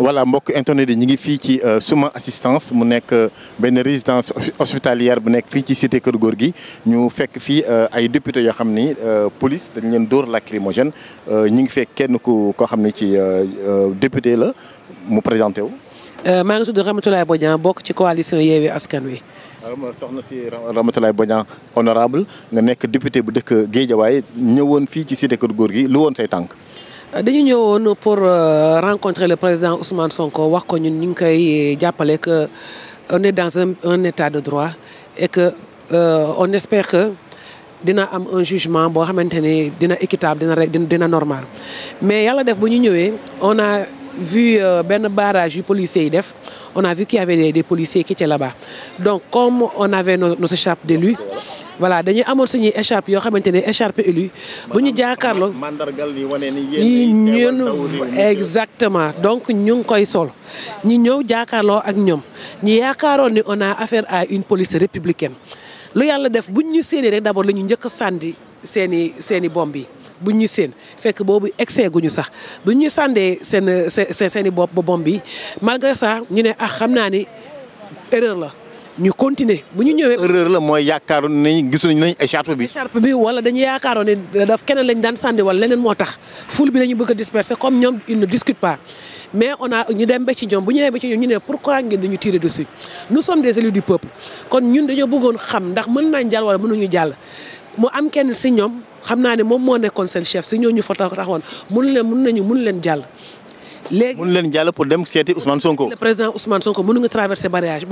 voilà mbokk internet yi ñu ngi fii ci euh, Suma assistance mu nekk euh, benn résidence hospitalière bu nekk fii ci cité Kër Góor gi ñu fekk fii euh, ay député yoo xam ni police dañ leen dóor lacrymogène ñu ngi fekk kenn ku koo xam ne ci député la mu présenté wu. maa ngi tudd Ramatoulaye Bodian bokk ci coalition Yewwi Askan Wi. soxna si Ramatoulaye Bodian honorable nga nekk député bu dëkk géejawaay ñëwoon fii ci cité Kër Góor gi lu woon say tànk. dañu ñëwoon pour euh, rencontrer le président Ousmane Sonko wax ko ñun ñu ngi koy jàppale que euh, on est dans un un état de droit et que euh, on espère que dina am un jugement boo xamante ni dina équitable dina dina normal mais yàlla def bu ñu ñëwee on a vu benn barrage yu policier yi def on a vu qu'il y des policiers qui étaient là-bas donc comme on avait nos échappes de lui voilà dañuy amoon suñuy écharpe yoo xamante ne écharpe élu bu ñu jaakaarloo yi ñun exactement donc ñu ngi koy sol ñu ñëw jaakaarloo ak ñoom ñu yaakaaroon ni on affaire à une police républicaine lu yàlla def buñ ñu séenee rek d'abord la ñu njëkk a sàndi seeni i seen i bomb yi buñ ñu séen fekk boobu excès guñu sax bu ñu sàndee seen seen i bopp ba bomb yi malgré ça ñu ne ah xam naa ni erreur la ñu continuer bu ñu ñëwee. erreur la mooy yaakaaroon nañ gisuñ nañ écharpe bi. écharpe bi wala dañu yaakaaroon ne daf keneen lañ daan sànni wala leneen moo tax foule bi dañu bëgg a disperser comme ñoom ils ne discutent pas mais on a ñu dem ba ci ñoom bu ñu demee ba ñoom ñu ne pourquoi ngeen dañu tirer dessus nous sommes des élus du peuple kon ñun dañoo bëggoon xam ndax mën nañ jàll mën nañu jàll mu am kenn si ñoom xam naa ne moom moo nekkoon seen chef si ñoo ñu fa taxawoon mun leen mun nañu mun leen jàll. léegi mun leen jàll pour dem seeti Ousmane Sonko. le président Ousmane Sonko mënu nga traverser barrage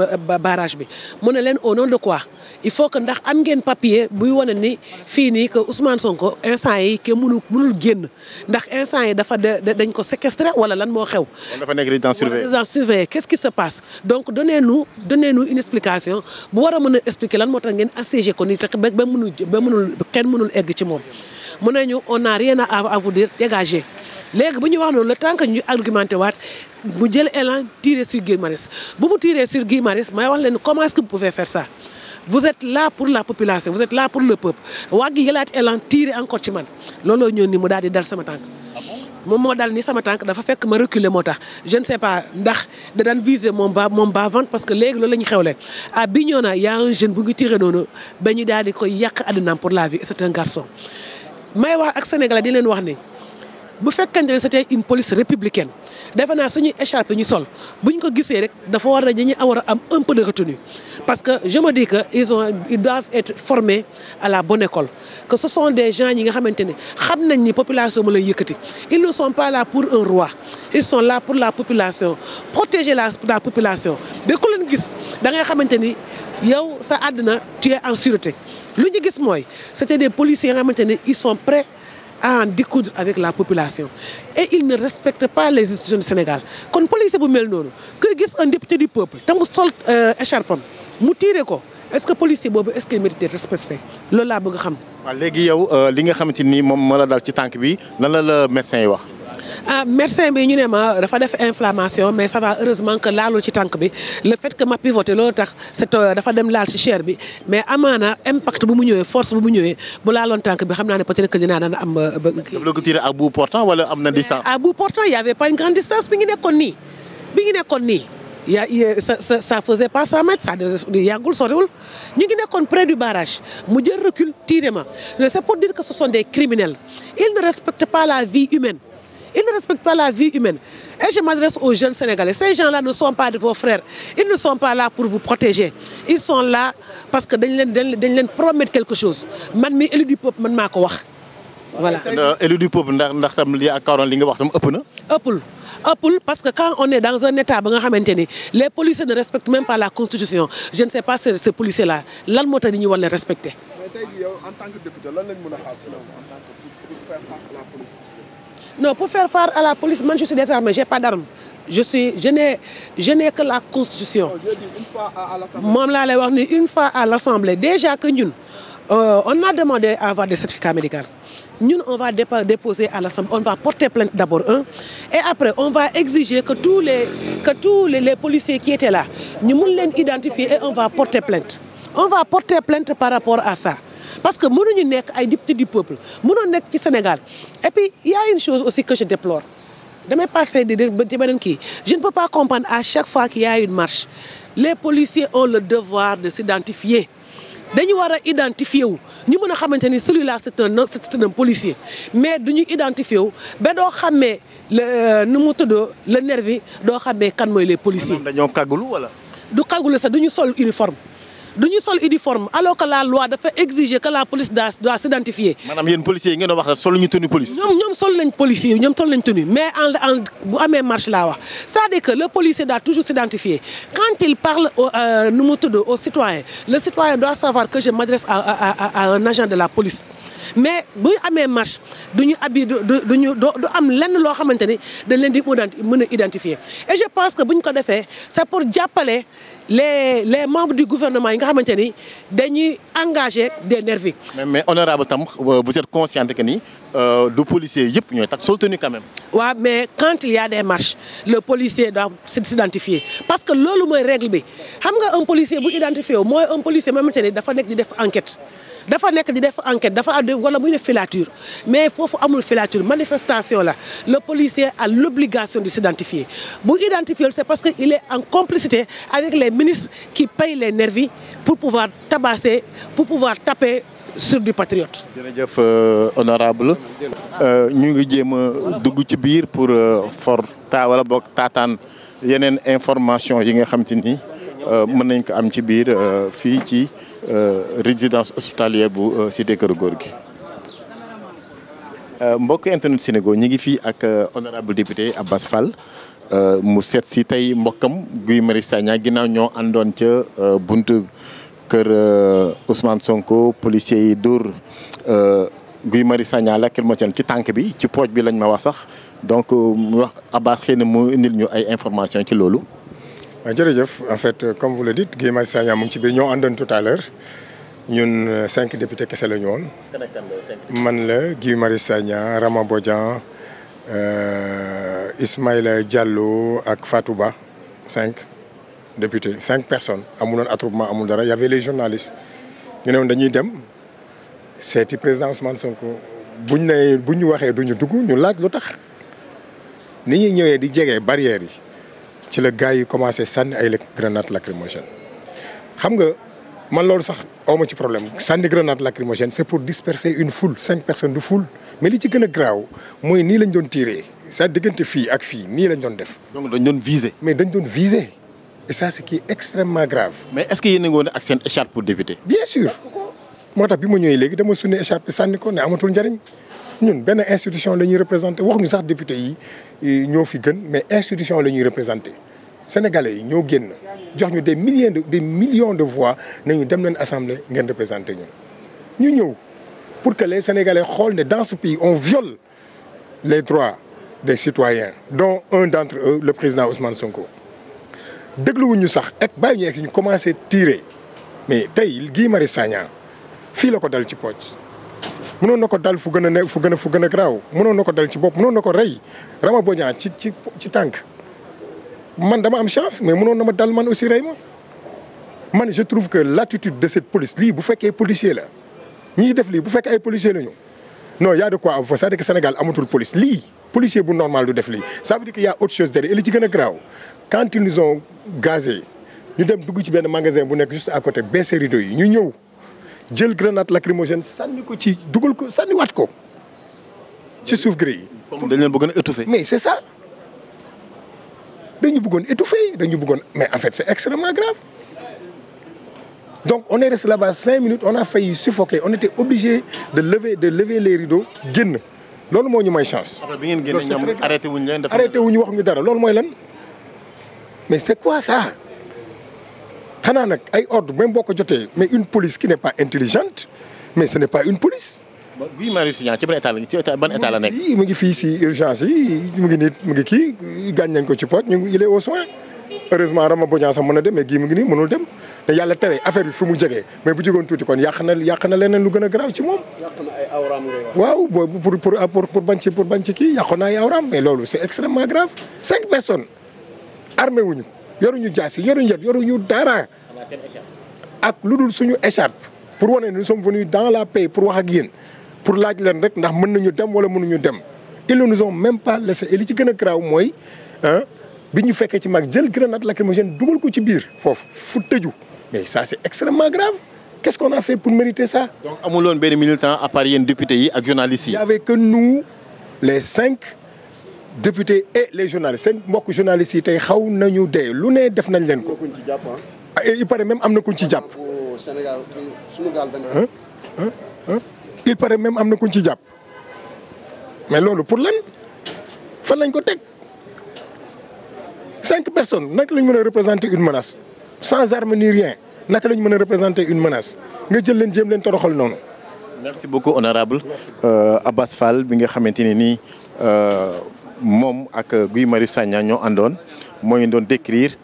barrage bi mu leen au nom de quoi il faut que ndax am ngeen papier buy wane ni fii nii que Ousmane Sonko instant yi ke mënu mënul génn ndax instant yi dafa dañ ko séquestré wala lan moo xew. dafa nekk résident surveillé résident surveillé qu'est-ce qui se passe donc donnez-nous donnez-nous une explication bu war a mën a expliquer lan moo tax ngeen assiégé ko nii te ba ba mënul ba mënul kenn mënul egg ci moom mu ne ñu on n'a rien à vous dire léegi bu ñu wax loolu la temps que ñu argumenté waat mu jël élan tiré sur Guy Marius bu mu tiré sur Guy Marius may wax leen comment est-ce que vous pouvez faire ça vous êtes là pour la population vous êtes là pour le peuple waa gi yëlaat élan tiré encore ci man looloo ñëw ni mu daal di dal sama tànk ah moom moo dal ni sama tànk dafa fekk ma reculer moo tax je ne sais pas ndax da daan moom bas moom bas ventre parce que léegi loolu la ñu xew à Bignona y a un jeune bu ngi noonu ñu daal di koy yàq àddinaam pour la vie et c'est un ak sénégalais di leen wax ni bu fekkente ne c'était une police républicaine defe naa suñuy écharpe ñu sol bu ñu ko gisee rek dafa war a dañuy war a am un peu de parce que je me dis que ils ont ils doivent être formés à la bonne école que ce des gens yi nga xamante ne xam nañ ni population mu lay yëkkati ils ne sont pas là pour un roi ils sont là pour la population protéger la la population ba leen gis da ngay xamante ni yow sa addina tu en sûreté lu ñu gis mooy c'était des policiers nga xamante ne ils à en découdre avec la population et ils ne respectent pas les institutions du Sénégal kon policier bu mel noonu kuy gis un député du peuple te mu sol euh, écharpe am mu tiire ko. est-ce que policier boobu est-ce qu'il mérite respecté loolu laa bëgg xam. léegi yow euh, li nga xamante ni moom moo la dal ci tànk bi lan la la médecin yi wax. ah médecin bi ñu ne ma dafa def inflammation mais ça heureusement que laalul ci tànk bi le fait que ma pivoté loolu tax c'est euh, dafa dem laal ci chair bi mais amaana impact bu mu ñëwee force bu mu ñëwee bu laaloon tànk bi xam naa ne peut-être que dinaa am. Euh, ba kii daf la ko portant wala am na distance. à bout ngi nekkoon nii bi ngi nekkoon ya ça ça faisait pas 100 mètres ça yàggul soriwul ñu ngi nekkoon près du barrage mu jël recul tiré ma c'est pour dire que ce sont des criminels ils ne respectent pas la vie humaine ils ne respectent pas la vie humaine et je m'adresse aux jeunes sénégalais ces gens-là ne sont pas de vos frères ils ne sont pas là pour vous protéger ils sont là parce que dañ leen dañ leen promettre quelque chose man mi élu du man maa ko wax. voilà élu du peuple ndax ndax li lii ak li nga wax tam ëpp na. ëppul ëppul parce que quand on est dans un état ba nga xamante ni les policiers ne respectent même pas la constitution je ne sais pas ces ces policiers lan moo tax ni ñu war leen respecter. mais en tant a xaar ci yow en pour faire face à la police. man je suis désarmé j'ai pas d'arme je suis je n'ai je n'ai que la constitution. moom laa lay wax ni une fois à l'assemblée déjà que ñun euh, on a demandé à avoir des certificats médicaux. ñun on va déposer à l'Assemblée on va porter plainte d'abord un et après on va exiger que tous les que tous les, les policiers qui étaient là ñu mun leen identifier et on va porter plainte on va porter plainte par rapport à ça parce que ñu nekk ay député du peuple mënoo nekk ci Sénégal et puis y a une chose aussi que je déplore damay passé di ci beneen kii je ne peux pas comprendre à chaque fois qu'il y a une marche les policiers ont le devoir de s'identifier dañu war a identifier wu ñu mën a xamante ni celui-là c'est un c'est policier mais duñu identifier wu ba doo xamee la euh, nu mu tuddoo le nervi doo xamee kan mooy les policiers. dañoo kàggulu wala. du kàggulu sax duñu sol uniforme. ñu sol uniforme alors que la loi dafa exiger que la police doit doit s'identifier. maanaam yéen policiers yi ngeen doon wax sol ñu tenue police. ñoom sol nañ policier mais en en bu amee marche laa wax c'est-à-dire que le policier doit toujours s'identifier quand il parle au euh, nu mu tudd au citoyen le citoyen doit savoir que je m'adresse à un agent de la police. mais bu amee marche du ñu abi du duñu du am lenn loo xamante ni dañ leen di mën a identifier je pense que bu ñu ko defee c'est pour jàppale les les membres du gouvernement yi nga xamante ni dañuy engagé de nervis. mais mais honorable tam euh, vous êtes consciente que ni euh, du policier yëpp ñooy tax soutenu quand même. waaw mais quand il y a des marches le policier doit s'identifier parce que loolu mooy règle bi xam nga un policier bu identifié wu mooy un policier même xamante dafa nekk di def enquête. dafa nekk di def enquête dafa ad wala muy def filature mais foofu amul filature manifestation la le policier a l'obligation de s'identifier bu identifier c'est parce que il est en complicité avec les ministres qui pay les nervis pour pouvoir tabasser pour pouvoir taper sur du patriote. jërëjëf euh, honorable euh, ñu ngi jéem a dugg ci biir pour euh, for ta wala boog taataan yeneen information yi nga xam te ni mën nañ ko am ci biir fii ci. Euh, résidence hospitalière bu euh, cité Kër Góor gi. Euh, mbokk internet Sénégal ñi ngi fii ak honorable député Abbas Fall mu seet si tey mbokkam Guy Marius Sagna ginnaaw ñoo àndoon ca bunt kër Ousmane Sonko policier yi dóor Guy Marius Sagna lacrymogène ci tànk bi ci pooj bi lañ ma wax sax donc mu wax Abbas xëy na mu indil ñu ay information ci loolu. waaw jërëjëf en fait euh, comme vous le dites Guy Marius Sagna mu ci biir ñoo àndoon tout à l'heure ñun euh, cinq député kese lañu ñu woon. man la Guy Marius Sagna Rama Bodian euh, Ismaïla Diallo ak Fatou Ba cinq députés cinq personnes amuloon attroupement amul dara y avait les journalistes ñu ne woon dañuy dem seeti président Ousmane sonk buñ ne buñ ñu waxee duñu dugg ñu laaj lu tax ni ñuy ñëwee di jege barrière yi. ci la gars yi commencé sànni ay grenade lacrymogène xam nga man loolu sax ma ci problème sànni grenade lacrymogène c'est pour disperser une foule cinq personnes du foule mais li ci gën a graaw mooy nii lañ doon tiiree sa diggante fii ak fii nii lañ doon def. donc dañ doon viser. mais dañ doon viser et ça c'est qui est extrêmement grave. mais est-ce que yéen a ngi ak seen écharpe pour député. bien sûr moo tax bi ma ñëwee léegi dama sunni écharpe sànni ko ne amatul njariñ ñun benn institution la ñuy représenté waxuñu sax député yi ñoo fi gën mais institution la ñuy représenté sénégalais yi ñoo génn jox ñu des millions de des millions de voix nañu dem leen assemblée ngeen représenté ñun. ñu ñëw pour que les sénégalais xool ne dans ce pays on viole les droits des citoyens dont un d'entre eux le président Ousmane Sonko. dégluwuñu sax ek bàyyi ñu egg ñu commencé tirer mais tey Guy Marius Sagna fii la ko dal ci poche. mënoon na ko dal fu gën a ne fu gën a gën a garaaw mënoon na ko dal ci bopp mënoon ko rey Rama Bodian ci ci ci tànk man dama am chance mais mënoon na ma dal man aussi rey ma man je trouve que l'attitude de cette police lii bu fekkee policier la ñiy def lii bu fekkee ay policier la ñu non y a de quoi avoir c'est-à-dire que Sénégal amatul police lii policier bu normal du def lii ça veut dire que y a chose derrière li ci gën a graaw quand ils ñu dem dugg ci benn magasin bu nekk juste à côté baissé yi ñu ñëw jël grenade lacrymogène sànni ko ci dugal ko sànni waat ko ci suuf gré yi. comme leen bëggoon étouffer. mais c'est ça dañu bëggoon étouffer dañu bëggoon mais en fait c'est extrêmement grave donc on est resté là-bas cinq minutes on a failli suffoquer on était obligé de lever de lever les rideaux génn loolu moo ñu may chance. après bi ngeen génne ñoom arrêté wuñ leen. arrêté wuñu wax ñu dara loolu mooy lan mais c'est quoi ça. xanaa nag ay ordre même boo ko jotee mais une police qui n'est pas intelligente mais ce n'est pas une police. Guy Marius Sagna ci ban état la ci ban état la nekk. mu ngi fii si urgence yi mu ngi nit mu ngi kii gaañ nañ ko ci poche ñu il est au soin heureusement Rama Bodian sax mën na dem mais gii mu ngi nii mënul dem te yàlla tere affaire bi fi mu jegee mais bu jegoon tuuti kon yàq na yàq na leneen lu gën a garaaw ci moom. yàq na ay awraam waaw boobu pour pour pour bañ ci pour bañ ci kii yàqoon na ay awraam mais loolu c'est extrêmement grave cinq personnes armé wuñu yoruñu jaas yi yoruñu yet yoruñu dara ak lu dul suñu écharpe pour wane nous sommes venus dans la paix pour wax ak yéen pour laaj leen rek ndax mën nañu dem wala mënuñu dem ils ne nous ont même pas laissé et li ci gën a garaaw mooy ah bi ñu fekkee ci mag jël lakk grenade lacrymogène dugal ko ci biir foofu fu tëju mais ça c'est extrêmement grave qu'est-ce qu'on a fait pour mériter ça. donc amuloon woon benn militant à part yéen député yi ak journalistes yi. il y nu que les cinq députés et les journalistes seen mbokk journalistes yi tey xaw nañu dee lu ne def nañ leen ko. Ah, il paraît même am na kuñ ci jàpp. il paraît même am na kuñ ci jàpp mais loolu pour lan fan lañ ko teg cinq personnes naka lañ mën a représenter une menace sans arme ni rien naka lañ mën a représenter une menace nga jël leen jéem leen toroxal noonu. merci beaucoup honorable euh, Abbas bi nga xamante ne nii euh, moom ak Guy Marius Sagna ñoo àndoon moo ngi doon décrire.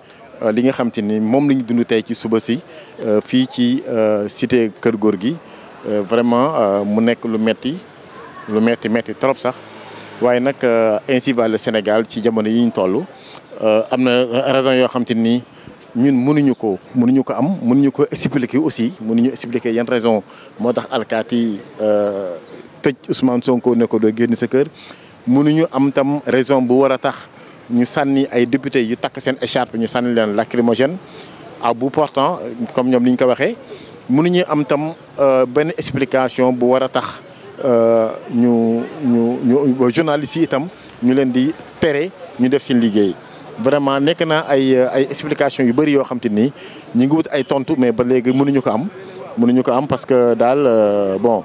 Euh, li nga xam te ni moom la ñu dund tey ci suba si euh, fii ci euh, cité Kër Góor gi vraiment mu nekk lu metti lu metti metti trop sax waaye nag ainsi va Sénégal ci jamono yi ñu toll am na raison yoo xam te ni ñun mënuñu ko mënuñu ko am mënuñu ko expliquer aussi mënuñu expliquer yan raison moo tax alkaati tëj Ousmane Sonko ne ko doo génn sa kër mënuñu am tam raison bu war a tax. ñu sànni ay député yu takk seen écharpe ñu sànni leen lacrymogène à bout portant comme ñoom li ñu ko waxee mënuñu am tam euh, benn explication bu war a tax euh, ñu ñu ñu journalistes yi itam ñu leen di tere ñu def seen liggéey vraiment nekk na ay euh, ay explication yu bëri yoo xam nii ñu ngi wut ay tontu mais ba léegi mënuñu ko am mënuñu ko am parce que daal bon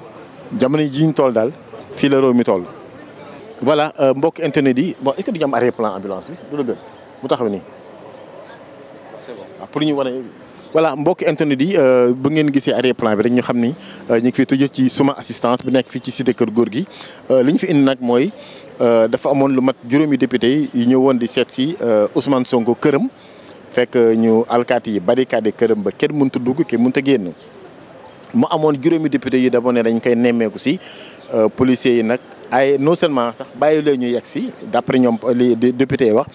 jamono ji ñu toll daal fii la mi toll voilà euh, mbokk internet yi bon est-ce que duñu am arrière-plan ambulance bi taxaw nii. Ah, pour ñu wane voilà mbokk internet yi euh, bu ngeen gisee arrière-plan bi rek ñu xam ni euh, ñu ngi fi tuju ci suma assistance bi nekk fii ci cité Kër Góor gi li ñu fi indi nag mooy dafa amoon lu mat juróomi député yi ñëw woon di seet si Ousmane Sonko këram fekk ñu alkaati yi barricade këram ba kenn muntu dugg kenn mënut a génn mu amoon juróomi député yi dafa ne dañ koy nemmeeku si policiers yi nag. ay non seulement sax bàyyi leen ñu yegg si d'après ñoom li député yi wax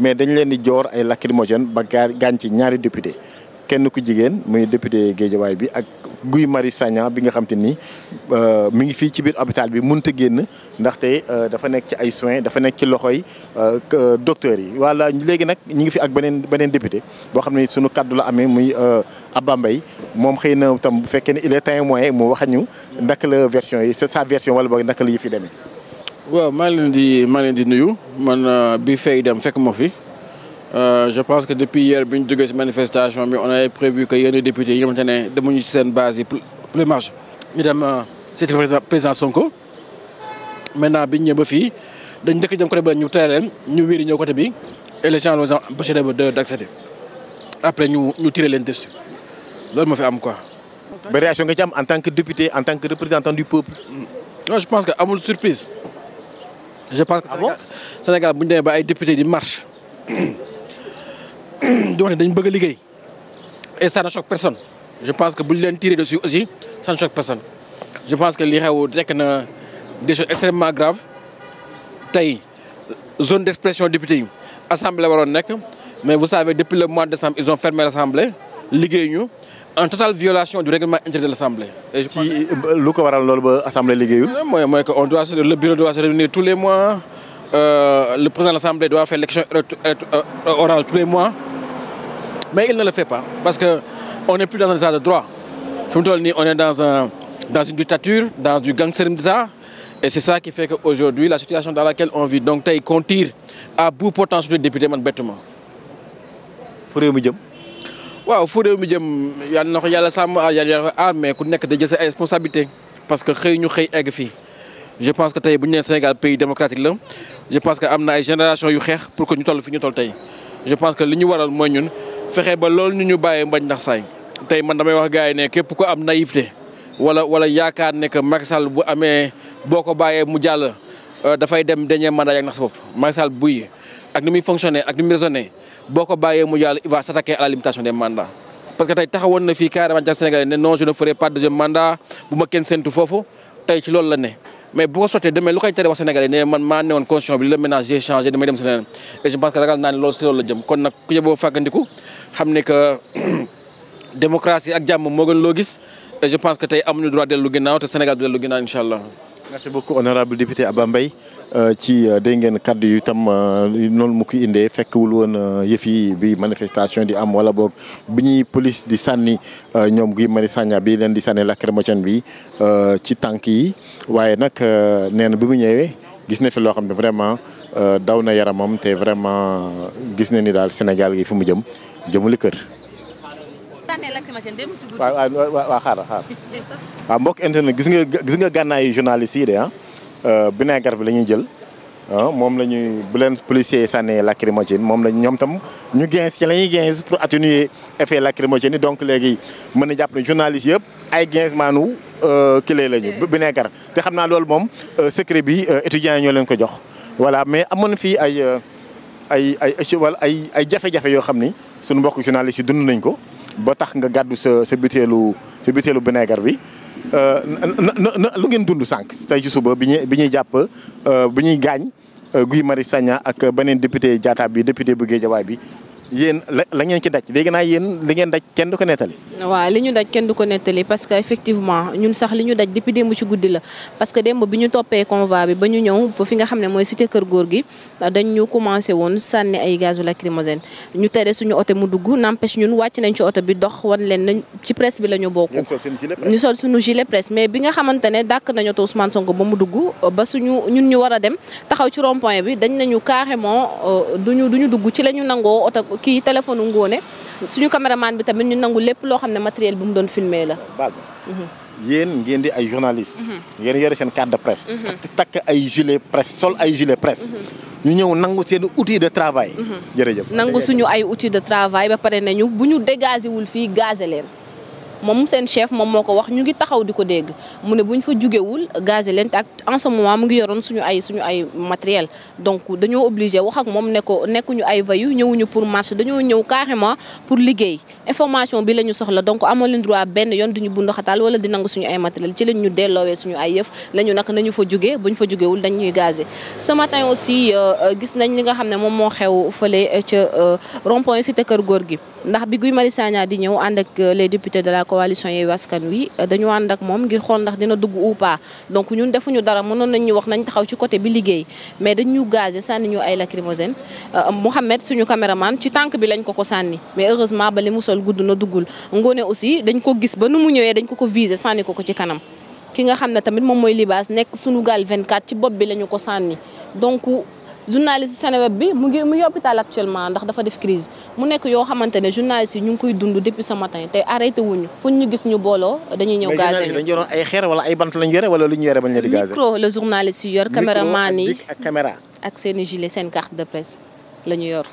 mais dañ leen di joor ay lacrymogène ba gaañ ci ñaari député kenn ku jigéen muy député Géejawaay bi ak Guy Marius Sagna bi nga xam te ni euh, mu ngi fii ci biir hôpital bi mun a génn ndaxte euh, dafa nekk ci ay soin dafa nekk ci loxoy euh, docteurs yi. wala léegi nag ñu ngi fi ak beneen beneen député boo xam ne sunu kaddu la amee muy Abba mbay moom xëy na tam bu fekkee ne il est témoin mu wax ñu naka la version yi c'est sa version wala boog naka la yi fi demee. waaw maa leen di maa leen di nuyu man bi fay dem fekk moo fi. Euh, je pense que depuis hier bi ñu jógee ci manifestation bi on avait prévu que yenn député yi nga xamante ne demuñu ci seen base yi plémarge ñu dem ci euh, président Sonko maintenant bi ñu ñëw ba fii dañ dëkk jëm côté ba ñu tere leen ñu wéeri ñëw côté bi et les gens l'ont empêché de d'accéder après ñu ñu tiré leen dessus loolu moo fi am quoi. ba réaction nga ci am en tant que député en tant que représentant du peuple. Mm. non je pense que amul surprise. je pense que ah Sénégal Sénégal bu ñu demee ba ay di marche. di wax ne dañ bëgg a liggéey et ça ne choque personne je pense que bu ñu leen tiré dessus aussi ça ne choque personne. je pense que li xew nekk na des choses extrêmement graves tey zone d' expression député yi assemblée waroon nekk mais vous savez depuis le mois de décembre ils ont fermé l' assemblée ñu en totale violation du règlement intérieur de l'assemblée ci lu ko waral loolu ba assemblée liggéeyul. mooy mooy que on doit se le bureau doit se réunir tous les mois euh, le président mais il ne le fait pas parce que on n'est plus dans un état de droit fi mu toll nii on est dans un dans une dictature dans du gangstérisme d'État et c'est ça qui fait que aujourd'hui la situation dans laquelle on vit donc tey qu'on tire à bout potentiel de député man bettuma fu réew mi jëm waaw fu réew jëm yal na ko yàlla sàmm ah, yàlla ko aar mais ku nekk da jël responsabilité parce que xëy ñu xëy egg fi je pense que tey bu ñu nee Sénégal pays démocratique la je pense que am na ay génération yu xeex pour que ñu toll fi ñu toll tey je que li ñu waral mooy ñun fexe ba loolu nu ñu bàyyee mbañ ndax saay tey man damay wax gars yi ne képp ku am naïveté wala wala yaakaar ne que Macky Sall bu amee boo ko bàyyee mu jàll euh, dafay dem dernier mandat mu jàll il va s'attaquer à la limitation des mandats parce que tey taxawoon na fii carrément ca Sénégal ne non je foofu tey ci loolu la ne mais bu ko sottee demee lu koy tere wax Sénégalais ne man maa newoon constitution bi la ménage j'ai damay dem Sénégal et je pense que ragal naa ne loolu si loolu la jëm kon nag ku yeboo fàggandiku xam ne que démocratie ak jàmm moo gën loo gis et je pense que tey amuñu droit dellu ginnaaw te Sénégal du dellu ginnaaw incha allah. merci beaucoup honorable député Abba euh, ci euh, dégg ngeen kaddu yu tam euh, noonu mukk ko indee fekkul woon yëf yi bi manifestation di am wala boog bi ñuy police di sànni ñoom Guy Marius Sagna bi leen di sànni lacrymogène bi ci tànk yi waaye nag nee na bi mu ñëwee. gis na fi loo xam ne vraiment euh, daw na yaramam te vraiment gis na ni daal Sénégal yi fi mu jëm jëmuli kër. waaw waaw waaw xaaral xaaral waaw mbokk internet gis nga gis nga gànnaayu journaliste yi de ah. vinaigre euh, bi la ñuy jël. Ah, moom la ñuy bu leen policiers sànnee lacrymogène moom la ñoom tam ñu gens ci la ñuy gens pour atténuer effet lacrymogène yi donc léegi mën na jàpp ne journaliste yëpp ay gens maanu euh, kilee la ñu bineekar te xam naa loolu moom euh, secret bi euh, étudiants yi ñoo leen ko jox voilà mais amoon fii ay ay ay wala ay ay jafe-jafe yoo xam ni suñu mbokk journaliste yi dund nañ ko boo tax nga gàddu sa sa butéelu sa butéelu bineekar bi Euh, na lu ngeen dund sànq tey ci suba bi ñuy bi ñuy jàpp euh, bu ñuy gaañ euh, Guy mari Sagna ak beneen député Diatta bi député bu jawaay bi yéen la la naa yéen li ngeen daj kenn du ko nettali. waaw li ñu daj kenn du ko nettali parce que effectivement ñun sax li ñu daj depuis démb ci guddi la parce que démb bi ñu toppee convoi bi ñu ay gaz lacrymogène ñu tere suñu oto mu dugg n'empêche ñun wàcc nañ ci oto bi dox wan leen nañ ci presse bi la ñu bokk. ñu sol suñu gilet presse mais bi nga xamante ne nañu oto Ousmane ba mu dugg ba suñu ñun ñu war dem taxaw ci rond bi dañ nañu carrément euh, duñu duñu dugg ci lañu nangoo kii téléphone ngóone suñu caméraman bi tamit ñu nangu lépp loo xam ne matériel bi mu doon filmé la. yéen ngeen di ay journaliste. ngeen yore seen carte de presse. takk ay gilet presse sol ay gilet presse. ñu ñëw nangu seen outil de travail. Mhm. nangu suñu ay outil de travail ba pare nañu bu ñu dégagé wul fii gazé leen. moom seen chef moom moo ko wax ñu ngi taxaw di ko dégg mu ne bu ñu fa jugewul gazé leen ak en ce moment mu ngi yoroon suñu ay suñu ay matériel donc dañoo obligé wax ak moom ne ko nekkuñu ay vayu ñëwuñu pour marché dañoo ñëw carrément pour liggéey information bi la ñu soxla donc amoon leen droit benn yoon du duñu bund xataal wala di nangu suñu ay matériel ci lañ ñu delloowee suñu ay yëf nañu nag nañu fa jugee buñ fa jugewul dañ ñuy gazé ce matin aussi euh, euh, gis nañ li nga xam ne moom moo xew fële ca euh, rond kër góor gi ndax bi Guy Marius Sagna di ñëw ànd ak les députés de coalition Yewwi Askan Wi euh, dañu ànd ak moom ngir xool ndax dina dugg ou pas donc ñun defuñu dara mënoon nañ ñu wax nañ taxaw ci côté bi liggéey mais dañ ñu gazé sànni ñu ay lacrymogène euh, Mouhamed suñu caméraman ci tànk bi lañ ko ko sànni mais heureusement ba li mu sol gudd na duggul ngoone aussi dañ ko gis ba nu mu ñëwee dañ ko ko visé sànni ko ko ci kanam ki nga xam ne tamit moom mooy libaas nekk suñu gaal 24 ci bopp bi lañu ko sànni donc journaliste Seneweb bi mu ngi mu ngi hôpital actuellement ndax dafa def crise mu nekk yoo xamante ne journaliste yi ñu ngi koy dund depuis ce matin te arrêté wuñu fu ñu gis ñu booloo dañuy ñëw gazé mais ay xeer wala ay bant lañu yore wala lu ñu yore bañ leen di gazé micro la journaliste yi yor caméraman yi ak caméra ak seen i gilet seen carte de presse la ñu yor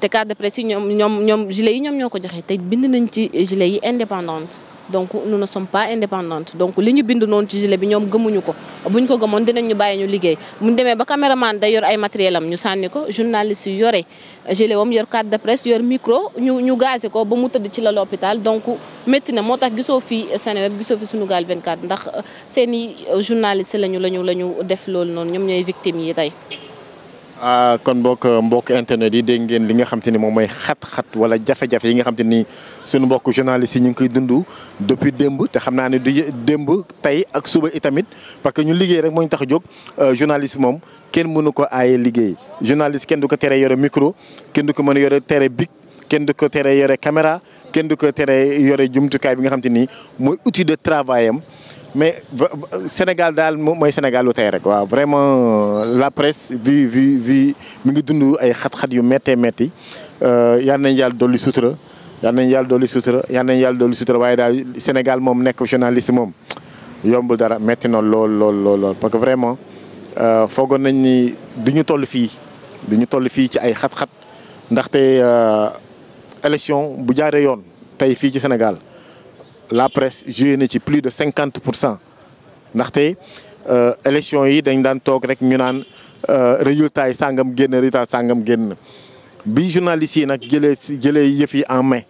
te carte de presse yi ñoom ñoom ñoom gilet yi ñoom ñoo ko joxe tey bind nañ ci gilet yi indépendante donc nous ne sommes pas indépendantes donc li ñu bind noonu ci gilet bi ñoom gëmuñu ko buñ ko gamoon dinañu ñu bàyyi ñu liggéey buñ demee ba caméraman day yor ay matériel am ñu sànni ko journaliste yu yore gilet wam yor carte de presse yor micro ñu ñu gazé ko ba mu tëdd ci la l'hôpital donc métti na moo tax gisoo fi Seneweb gisoo fi Sunugal 24 ndax seen i journaliste lañu lañu la ñu def loolu noonu ñoom ñooy victimes yi tey Ah, kon mbokk mbokk internet yi dégg ngeen li nga xam ni moom mooy xat-xat wala jafe-jafe yi nga xam te ni suñu mbokk journalistes yi ñu ngi koy dundu depuis démb te xam naa ne du démb tey ak suba itamit parce que ñu liggéey rek moo tax a jóg euh, journaliste moom kenn mënu ko aaye liggéey journaliste kenn du ko tere yore micro kenn du ko mën a yore tere bic kenn du ko tere yore caméra kenn du ko tere yore jumtukaay bi nga xam te ni mooy outil de travail am mais Sénégal daal mooy sénégalu lu rek waaw vraiment euh, la presse bi vi bi mi ngi dund ay xat-xat yu méttee métti euh, yal nañu yàlla dolli sutura yal nañu yàlla dolli sutura yal nañu yàlla dolli sutura waaye daal Sénégal moom nekk journaliste moom yombul dara métti na lool lool parce que vraiment euh, foogoon nañ ni du ñu toll fii du ñu toll fii ci ay xat-xat ndaxte élection bu jaaree yoon tey fii ci Sénégal. la presse joué na ci plus de cinquante pour cent ndaxte euh, élection yi dañ daan toog rek ñu naan euh, résultat yi sàngam génn résultat sàngam génn bi journalistes yi nag jëlee jëlee yëf yi en main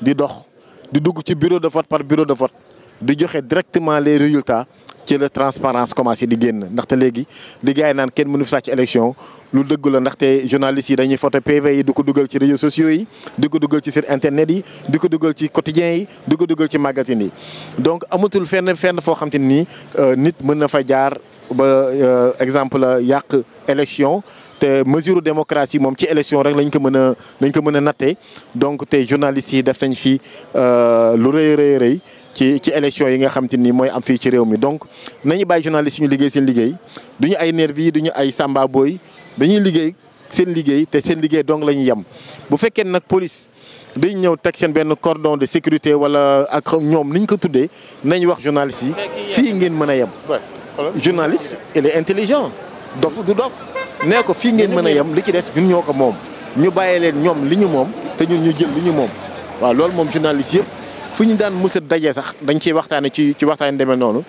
di dox di dugg ci bureau de vote par bureau de vote di joxe directement les résultats ci la transparence commencé di génn ndaxte léegi di naan kenn mënu sax sàcc élection lu dugg la ndaxte journalistes yi dañuy photo PV yi di ko dugal ci réseaux sociaux yi di ko dugal ci site internet yi di ko dugal ci quotidien yi di ko dugal ci magasin yi donc amatul fenn fenn foo xam te ni euh, nit mën na fa jaar ba euh, exemple yàq élection te mesure démocratie moom ci élection rek lañ ko mën a lañ ko mën a nattee donc te journalistes yi def nañ fi euh, lu rëy rëy rëy ci ci élection yi nga xam te ni mooy am fii ci réew mi donc nañu bàyyi journaliste ñu liggéey seen liggéey du ñu ay nervi du ñu ay samba boy dañuy liggéey seen liggéey te seen liggéey donc la ñuy yem bu fekkee nag police dañ ñëw teg seen benn cordon de sécurité wala ak ñoom niñ ko tuddee nañ wax journaliste yi fii ngeen mën a yem journaliste il est intelligent dof du dof nee ko fii ngeen mën a yem li ci des ñun ñoo ko moom ñu bàyyee leen ñoom li ñu moom te ñu ñu moom waaw loolu moom journaliste yëpp fu ñu daan mës a dajee sax dañ ciy waxtaane ci ci waxtaan demee noonu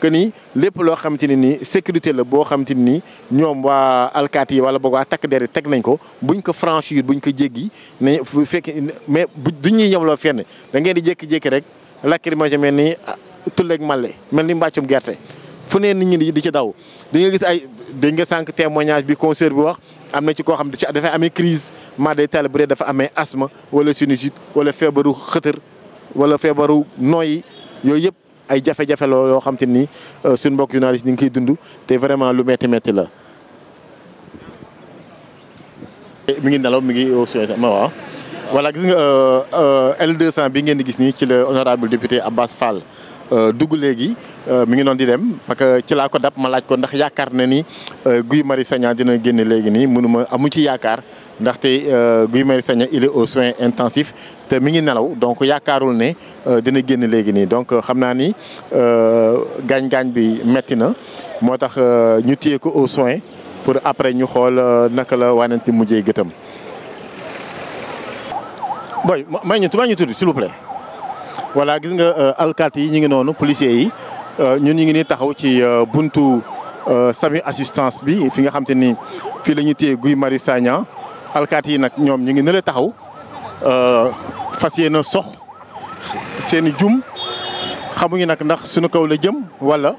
que nii lépp loo xamante ne nii sécurité la boo xamante ne nii ñoom waa alkaati yi wala boog waa takk der yi teg nañ ko buñ ko franchir buñ ko jéggi ne bu fekkee mais bu du ñuy yemloo fenn dangeen di jékki-jékki rek lacrymogène mel ni ah, tulleeg màlle mel ni mbàccum gerte fu nee nit ñi di ci daw di nga gis ay dañ nga sànq témoignage bi concert bi wax am na ci koo xam ne dafay amee crise ma dee tali bu dee dafa amee asthme wala sinusite wala feebaru xëtër wala feebaru nooyi yooyu yëpp ay jafe-jafe la yoo xam ni euh, suñ mbokk journaliste ñu ngi koy dund te vraiment lu metti metti la. Eh, mi ngi nelaw mi ngi ma waaw voilà gis nga euh, euh, L200 bi ngeen di gis nii ci le honorable député Abbas Fall. Euh, dugg léegi euh, mi ngi noonu di dem parce que ci laa ko dab ma laaj ko ndax yaakaar na ni euh, Guy mari Sagna dina génn léegi nii mënuma amu ci yaakaar ndaxte Guy Marius Sagna il est aux soins intensifs te mi ngi nelaw donc yaakaarul ne dina génn léegi nii donc xam naa ni gaañ-gaañ bi metti na moo tax ñu téye ko aux soins pour après ñu xool naka la wanenti mujjee gëtam boy may ñu may ñu tudd s'il vous plaît voilà gis nga euh, alkaati yi ñu ngi noonu policiers yi euh, ñun ñu ngi nii taxaw ci euh, buntu sami assistance bi fi nga xam te ni fii la ñuy téye Guy Marius Sagna alkaati yi nag ñoom ñu ngi nële taxaw fas yéene sox seen jum xamuñu nag ndax suñu kaw la jëm wala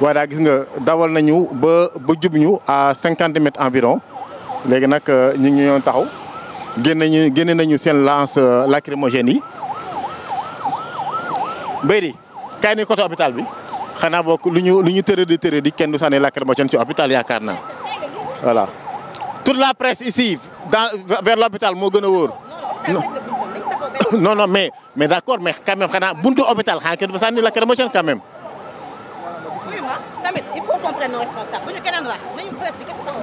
waaye gis nga dawal nañu ba ba jub ñu à cinquante mètres environ léegi nag ñu ngi ñoon taxaw génn nañu génne nañu seen lance lacrymogène yi. mbay di kaay ni côté hôpital bi xanaa bokk lu ñu lu ñu tërë di tërë di kenn du sànni lacrymogène ci hôpital yaakaar naa voilà. toute la presse ici dans vers moo gën a wóor. non mais mais d'accord mais quand même xanaa buntu hôpital xanaa kenn du fa sànni lacrymogène quand même. tamit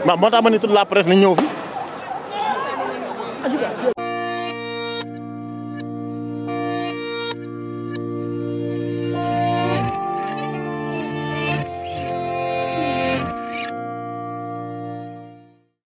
moo tax ma ni toute la presse ni ñëw fi.